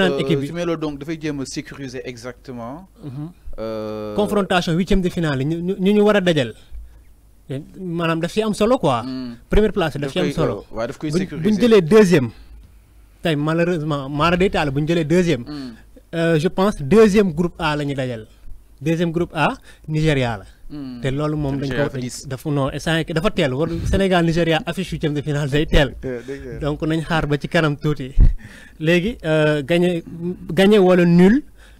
Euh, su melo donc dafay jéem a sécuriser exactement. Mhm. euh... confrontation 8e de finale ñu ñu wara war a dajal. maanaam daf ci am solo quoi. Hmm. première place daf ci am solo. waaw daf koy sécuriser bu ñu deuxième. tey malheureusement mara day buñ bu ñu jëlee hmm. Euh, je pense deuxième groupe A lañu ñu dajal. deuxième groupe A Nigeria la. te hmm. loolu moom dañ ko dafa non instant dafa teel war Sénégal Nigéria affiche huitième de finale day teel donc nañ xaar ba ci kanam tuuti léegi euh, gagné gagné wala nul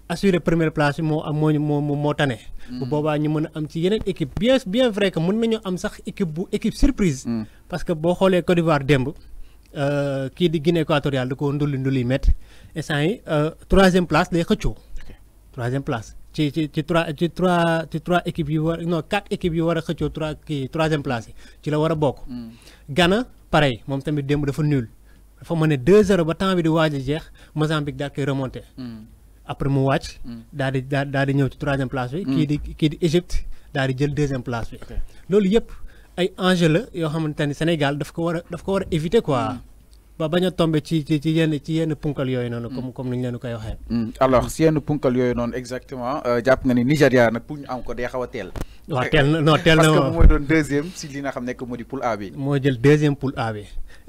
assuré première place bi moo am moo moo moo tane. Hmm. bu boobaa ñu mën a am ci yeneen équipe bien bien vrai que mën nañoo am sax équipe bu équipe surprise. Hmm. parce que boo xoolee Côte d'Ivoire démb. Euh, kii di ginne équatoriale da ko ndulli ndulli mett instant yi euh, troisième place day xëccoo. troisième place tu équipes non quatre équipes qui troisième place tu l'as la beaucoup. Hmm. Ghana pareil je tamit démb dafa nul Il faut mener 2 heures, ba temps bi di Mozambique hmm. après mon watch, hmm. troisième place bi. est qui deuxième place ay Sénégal il faut éviter quoi ba bañ a ci ci yenn ci yenn punkal yooyu noonu. comme mm. comme ni leen koy waxee. Mm. alors si yenn punkal yoy non exactement euh, japp nga ni nigeria nak pour ñu am ko day xawatel wa teel. non tel na parce que mooy doon deuxième si li na xam ne moo di poule A bi. moo jël deuxième poule A bi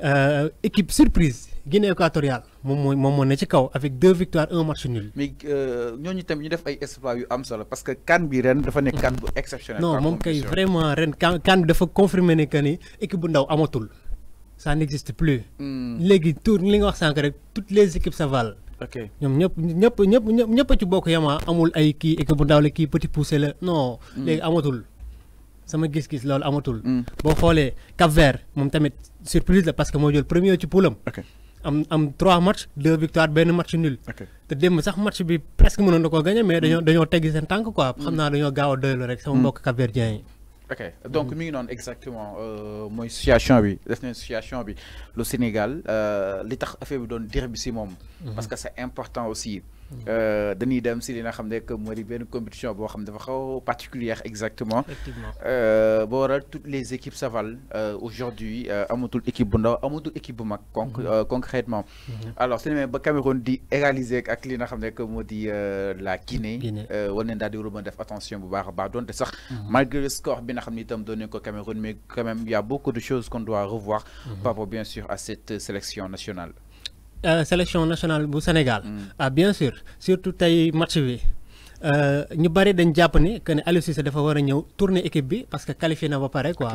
euh, équipe surprise Guinée équatoriale mom mooy moom moo ne ci kaw avec deux victoires un match nul. mais euh, ñooñu tamit ñu def ay espoir yu am solo parce que kan bi ren dafa nekk kan bu exceptionnel. non mom kay vraiment ren kan dafa confirmer ne que ni équipe bu ndaw amatul ça n'existe plus. Toutes hmm. tour li toutes les équipes ça valent. ok ñoom ñëpp des ci bokk amul ay équipe petit pousser. non. Hmm. amatul sama gis hmm. Cap Vert je surprise parce que moo le premier tu am trois matchs deux victoires deux match nul. te un match presque mënoon gagné mais teggi un quoi ok donc nous, non exactement euh, Moi, situation bi def situation bi le Sénégal euh, l'État tax affaire bi donne mhm. parce que c'est important aussi. Euh, dañuy dem si li nga xam ne que moo di benn compétition boo xam ne dafa xaw particulière exactement. effectivement euh, boo waral toutes les équipes euh, aujourd'hui euh, amatul équipe bu ndaw amatul équipe bu mag. Mhm. concrètement. Mhm. alors su demee ba Cameroun di égaliser ak li nga xam ne que moo di la Guinée. war nañ daal di war def attention bu baax a baax sax. Mhm. malgré le score bi nga xam ne itam doon nañ ko Cameroun mais quand même il y a beaucoup de choses qu'on doit revoir. par rapport bien sûr à cette sélection nationale. Euh, sélection nationale du Sénégal. Mm. ah bien sûr surtout tey match bi euh, ñu bari dañ jàpp ni que ne Aliou Cissé dafa tourner équipe bi parce que qualifier na ba pareil quoi.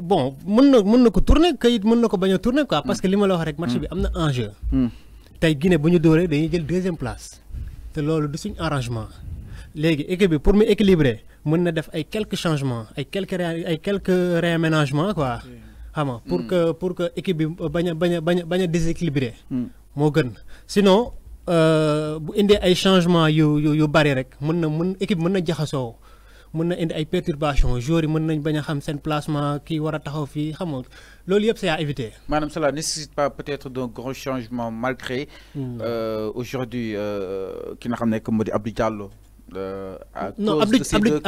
bon mën na mën tourner kayit mën na tourner quoi parce mm. que li ma la wax rek. match mm. bi un jeu. enjeu. tey Guinée bu ñu dóoree dañuy jël deuxième place te le du suñ arrangement l'équipe équipe bi pour me équilibrer mën na def ay quelques changements ay quelques ay quelques réaménagements quoi xam pour mm. que pour que équipe bi baña baña bañ déséquilibré. Mm. moo gën sinon euh, bu indee ay changement yu yu yu bari rek mën na mën équipe mën na jaxasoo mën na indi ay perturbations joueurs yi mën nañ bañ a xam seen placement ki war a taxaw fii xam nga loolu yëpp c'est à éviter. maanaam cela nécessite pas peut-être d'un grand changement malgré mm. euh, aujourd'hui euh, ki nga xam ne que di Abdou Diallo à non, cause de ces deux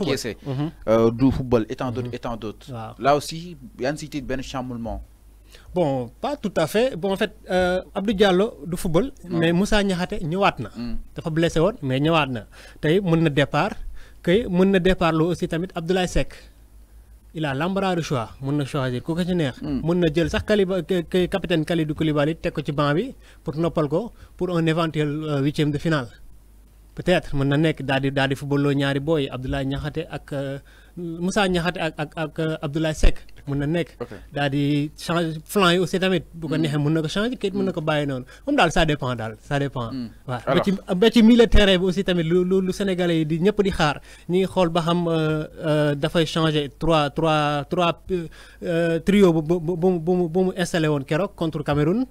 encaissés mhm. euh, du football étant tant d'autres et tant d'autres. Mhm. Là aussi, il y a une cité de ben chamboulement. Bon, pas tout à fait. Bon, en fait, euh, Abdou Diallo du football, mais Moussa Niakhaté ñëwaat na. Mm. dafa blessé woon mais ñëwaat na tey mën na départ kay mën na départ lo aussi tamit Abdoulaye Seck. il a l'embarras du choix mën na choisir ku ko ci neex. Mm. mën na jël sax Kaliba capitaine Kalidou Koulibaly teg ko ci banc bi pour nopal ko pour un éventuel 8 euh, huitième de finale. peut-être mën na nekk daal di daal di footballoo ñaari booy Abdoulaye Niakhate ak euh, Moussa ñaxate ak ak ak euh, Abdoulaye Seck mën na nekk. daal di change flanc yi aussi tamit. bu ko hmm. neexee mun na ko changer kayit mën na ko hmm. bàyyi noonu moom daal ça dépend daal ça dépend. Hmm. waaw ba ci ba ci milieu terrain bi aussi tamit lu lu lu Sénégalais yi di ñëpp di xaar ñu ngi xool ba xam euh, dafay changer trois trois trois trio bu bu bu bu mu installé woon keroog contre Cameroun.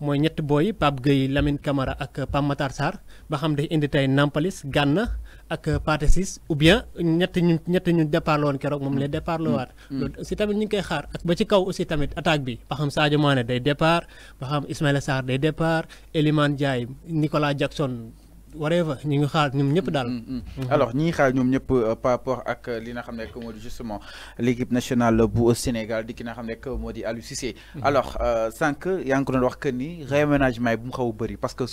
mooy ñetti booy Pape Gueye lamin kamara ak Pape Matar Sarr ba xam day indi tey Nampalis Gana ak Pathé Ciss ou bien ñetti ñu ñetti ñu départ la woon keroog moom lay départ la waat. loolu aussi tamit ñu koy xaar ak ba ci kaw aussi tamit attaque bi ba xam Sadio Mané day départ ba xam Ismaïla Sarr day départ Elimane Ndiaye Nicolas Jackson. Mm, mm, mm. Mm-hmm. alors nous euh, par rapport à l'équipe justement l'équipe nationale au Sénégal qui mm-hmm. alors euh, que ni réaménagement parce que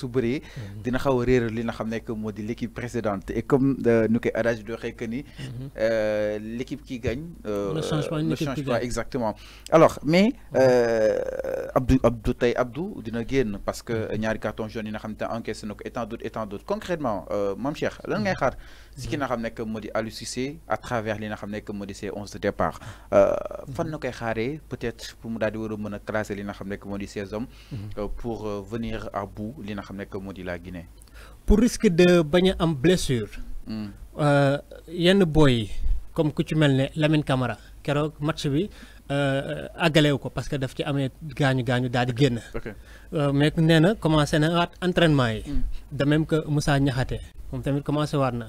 mm-hmm. précédente et comme euh, nous avons qui gagne. ne change exactement alors mais. Abdou Abdou Tay Abdou dina guen parce que ñaari carton jaune yi nga xam ne encaissé na ko et tant d'autres et d'autres concrètement euh, Mame Cheikh lan ngay xaar si ki nga xam nekk moo di Cissé à travers li nga xam nekk moo di ses de départ euh, fan na koy xaaree peut-être pour mu daldi di war classer li nga xam nekk moo di hommes mhm. euh, pour venir à bout li nga xam nekk moo la Guinée pour risque de baña am blessure hmm. euh yenn boy comme ku ci mel Lamine Camara keroog match bi euh, àggalewu ko parce que daf ci amee gaañu gaañu daal di euh, mais nee na commencé na waat entraînement mm. de même que Moussa Niakhaté Comme tamit commencé waat na.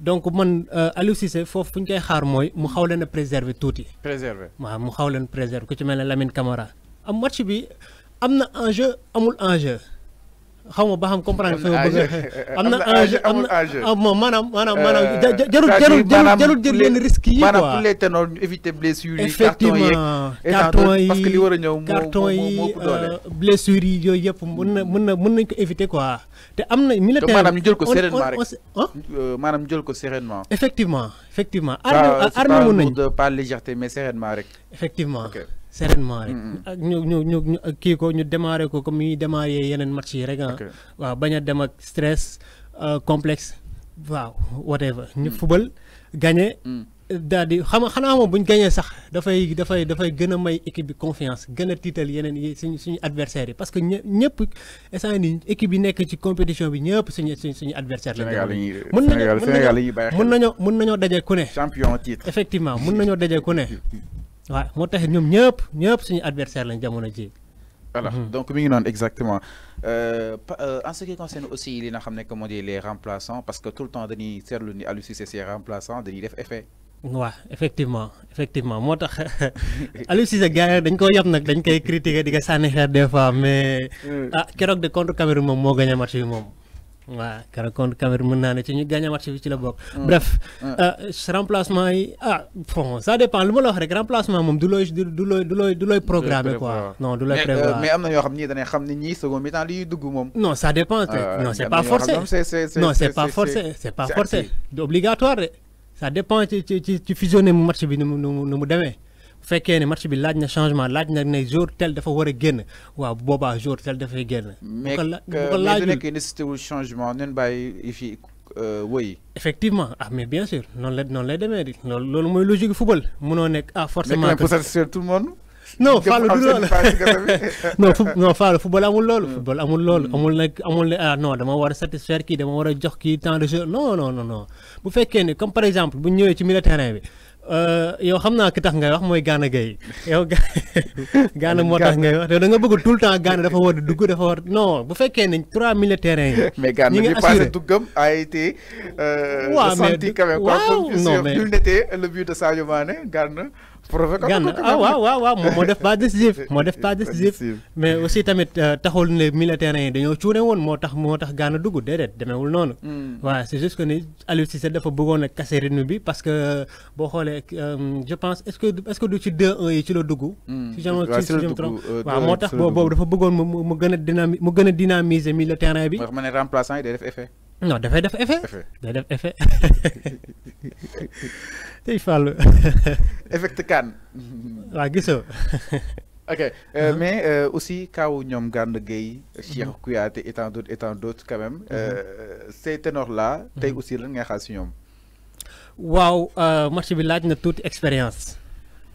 donc man euh, Aliou Cissé foofu fu ñu koy xaar mooy mu xaw leen a préserver tuuti. préserver waaw mu xaw leen préserver ku ci mel Lamine Camara am match bi am na amul enjeu. xaw ba xam comprendre nga fi bëgg am na enjeu am na ah, maanaam maanaam euh, maanaam jarul jarul jarul jël leen risques yi quoi maanaam pour les ténors ñu éviter blessures yi carton li war a ñëw carton yi euh, blessures yi yooyu yëpp mën na mën na mën nañ ko éviter quoi te am na mi maanaam ñu jël ko sereinement euh, maanaam jël ko sereinement effectivement effectivement armé armé wu nañ pas légèreté mais sereinement rek effectivement sereinement rek. ak ñu ñu ñu ñu kii ko ñu démarrer ko comme ñuy démarrer yeneen match yi rek ah. waaw bañ a dem ak stress euh, complexe. waaw whatever ñu mm. fubal gagné. Mm. daal di xam xanaa moom bu ñu sax dafay dafay dafay gën a may équipe bi confiance gën a tiital yeneen yi suñu suñu adversaire yi parce que ñëpp instant ni équipe yi nekk ci compétition bi ñëpp suñu suñ suñu adversaire la mën nañoo mën nañoo mën nañoo daje ku ne. champion titre effectivement mun nañoo daje ku waaw moo tax ñoom ñëpp ñëpp suñu adversaire lañ jamono ji voilà mhm. donc mi ngi noonu exactement euh, euh, en ce qui concerne aussi li nga xam que moo les remplaçants parce que tout le temps dañuy seetlu ni Aliou Cissé remplaçant, remplaçants dañuy def effet. waaw effectivement effectivement moo tax Aliou Cissé gars yi dañ ko yab nag dañ koy critiquer di ko sànni xeer des fois mais mm. ah keroog de contre Cameroun moom moo gagné match bi moom waaw kara kon Cameroun mën naa ne ci ñu gagné match bi ci la bokk. Mm. bref mm. Euh, remplacement ah bon ça dépend lu ma la wax rek remplacement moom du looy du looy du looy du looy programmé quoi. non du looy euh, prévoir mais am na ñoo xam ñii dañuy xam ni ñii second mi-temps liy dugg moom. non ça dépend euh, non c'est pas forcé non c'est pas forcé C'est pas forcé obligatoire ça dépend ci ci ci fusionné match bi nous, nous, nous, mu demee bu fekkee match bi laaj na changement laaj na ne jour tel dafa war a génn waaw boba jour tel dafay génn. bu ko la bu ko euh, laajul mais nekk changement wul changement nañ bàyyi oui. Euh, effectivement ah mais bien sûr non la non lay demee di loolu moy logique football munoo nek ah forcément. mais satisfaire tout le monde. non Fallou du loolu non non Fallou football amul loolu. Hmm. football amul loolu hmm. amul nek amul ne ah non dama wara satisfaire ki dama wara jox ki temps de jeu non non non non bu fekkee ne comme par exemple bu ñëwee ci milieu terrain bi. Euh, yow xam naa ki tax ngay wax mooy gaana Gueye yow Gana moo tax ngay wax te da nga bëgg tout le temps Gana dafa war dugg dafa war no bu fekkee ne trois mille terrain yi. mais Gana bi passé duggam a été. Euh, waaw mais waaw non mais le te de Sadio Mané Gana gann ah waaw waaw waaw moo def pas décisif moo def pas décisif mais aussi tamit taxul ne militaires yi dañoo cuune woon moo tax moo tax Ghana dugg déedéet demeewul noonu waaw c'est juste que ni Aliou Cissé dafa bëggoon a casser rythme bi parce que boo xoolee je pense est-ce que est-ce que du ci deux un yi ci la dugg si jam si jam trop waaw moo tax boobu dafa bëggoon mu mu gën a dynami mu gën a dynamiser milieu terrain bi remplaçant yi day def effet non dafay def effet. def effet kan. ok mais aussi kaw ñom uh-huh. Cheikh d'autres quand même. Uh-huh. Euh, ces là. tay uh-huh. aussi waaw euh, bi expérience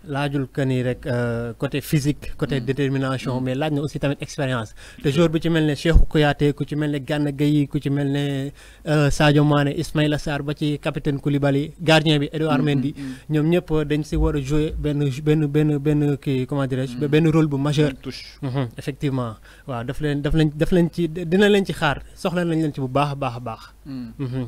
laajul que ni rek euh, côté physique côté mm. détermination mm. mais laaj na aussi tamit expérience le jour bi ci mel ne Cheikhou Kouyaté ku ci mel ne Gana Gueye ku ci mel ne euh, Sadio Mané Ismaïla Sarr ba ci capitaine Koulibaly gardien bi Edouard mm, Mendy ñoom ñëpp dañ si war a jouer ben ben ben ben kii comment dirais-je ben rôle bu majeur mhm, effectivement waaw daf leen daf leen daf leen ci dina leen ci xaar soxla nañ leen ci bu baax a baax baax mhm.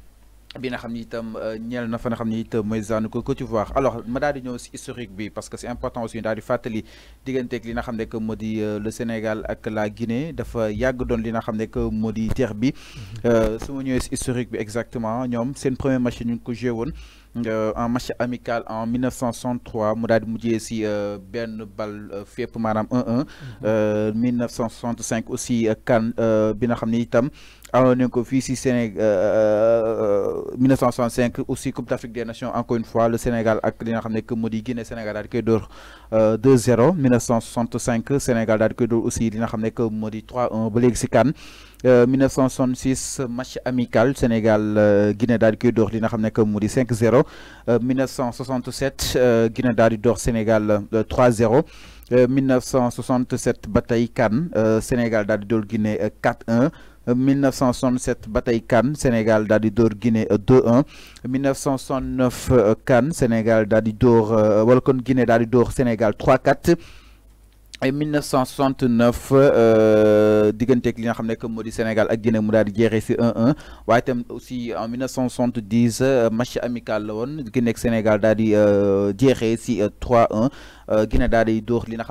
bi xamni xam ni itam euh, ñeel na fa nga xamni ni itam mooy zaanu ko Côte d'Ivoire alors ma daal di ñëw si historique bi parce que c'est important aussi daal di fàttali digganteeg li nga xam ne que moo euh, le Sénégal ak la Guinée dafa yag doon li nga xam ne que moo terre bi mhm. euh suma ñëwee si historique bi exactement ñom c'est seen premier match ñu ngi ko joué euh, un match amical en 1963 mu daal di mujjee si euh, benn bal fep maanaam 1-1 1965 mhm. aussi kan bi nga xamni ni itam en 1965 euh, euh, euh, aussi Coupe d'Afrique des Nations encore une fois le Sénégal a li que Guinée Sénégal a 2-0 1965 Sénégal a di aussi 3-1 Blexican, 1966 match amical Sénégal Guinée a di li 5-0 1967 Guinée a di 3-0. 1967 bataille CAN Sénégal a di 4-1 1967 Bataille Cannes, Sénégal Dadidor, Guinée 2-1 1969 Cannes, Sénégal Dadidor, Welcome euh, Walcon Guinée Dadidor, Sénégal 3-4 et 1969 euh, digganteeg li Sénégal ak Guinée Moudad, 1-1 aussi en 1970 euh, match amical Guinée Sénégal Dadi Diéré, 3-1. Euh, Guinée daal di li nga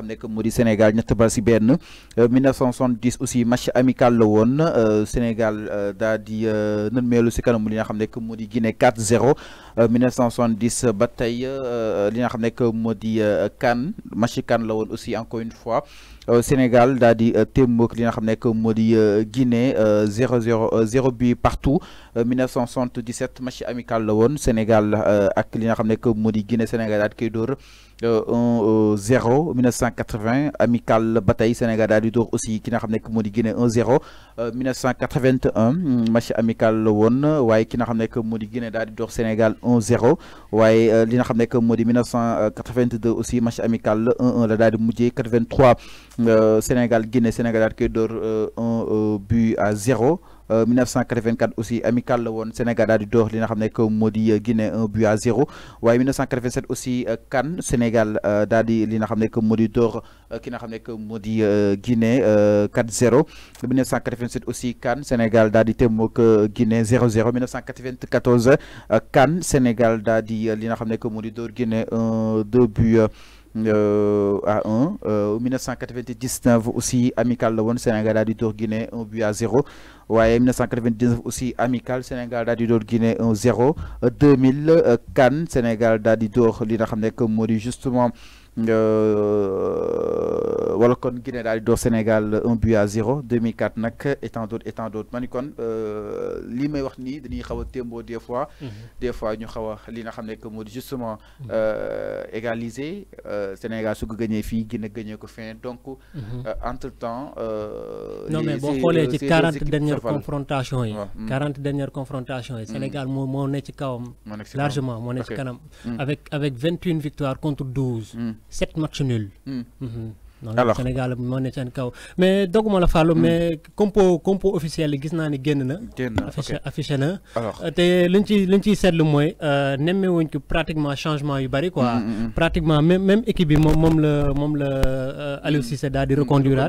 Sénégal ñett pas si benn 1970 euh, aussi match amical le euh, Sénégal d'Adi di nan meelu si kanamu li nga xam Guinée 4-0 1970 bataille tey li nga xam match la aussi encore une fois Sénégal d'Adi di témboog li nga Guinée 0-0 0 but partout 1977 match amical le Sénégal ak li nga Guinée Sénégal daal 0 1980 Amical bataille Sénégal daal aussi qui n'a xam Guinée 1 0 1981 match amical le won waye qui n'a Guinée daal Sénégal 1 0 waye li n'a 1982 aussi match amical 1 1 la daal 83 euh, Sénégal Guinée Sénégal qui d'or un euh, but à 0. 1984 euh, aussi amical la Sénégal Dadi du door li nga euh, Guinée 1 but à 0 1987 euh, aussi Cannes Sénégal Dadi Lina li nga xam que Guinée 4 0 1987 aussi Cannes Sénégal Dadi temo témook Guinée 0 0 1994 Cannes Sénégal Dadi Lina li nga Guinée 2 buts euh, à 1 1999 euh, aussi amical Le Sénégal Dadidour, Guinée un but à 0 en 1999 aussi amical Sénégal Dadidour, Guinée 1 0 2000 Cannes, Sénégal Dadidour, Lina Mori, justement euh, wala kon Guinée daal di Sénégal un but à zéro 2004 nag et d'autres étant d'autres ma ni kon euh, lii may wax nii dañuy a des fois. Mhm. des fois ñu xaw a li nga xam que moo di justement mhm. euh, égaliser Sénégal su ko gagné qui Guinée gagné ko fin donc. Mhm. entre temps. non mais bon xoolee ci 40 mm. dernières confrontations yi. 40 dernières confrontations yi. Sénégal moo moo ci kawam. largement moo ne ci kanam. Mm. avec avec 21 victoires contre 12. sept matchs nuls. Hmm. Mhm. alors Sénégal moo ne seen kaw mais doguma la Fallou hmm. mais compo compo officiel yi gis naa ni génn na. affiche affiche affiché affiché na. Euh, te liñ ci liñ ciy seetlu mooy euh, nemmewuñ ci pratiquement changement yu bari quoi. Hmm, hmm, pratiquement même même équipe bi moom moom la moom la euh, Aliou Cissé daal di reconduire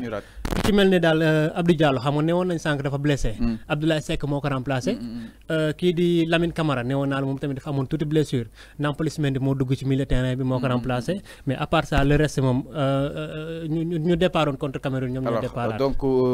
ku ci mel ne daal Abdou Diallo xam nga nañ sànq dafa blessé. Abdoulaye Seck moo ko remplacé. kii di Lamine Camara ne woon naa la moom tamit dafa amoon tuuti blessure Nampalys Mendy moo dugg ci milieu terrain bi moo ko mais à part ça le reste moom. ñu ñu contre Cameroun ñoom ñoo départ donc euh,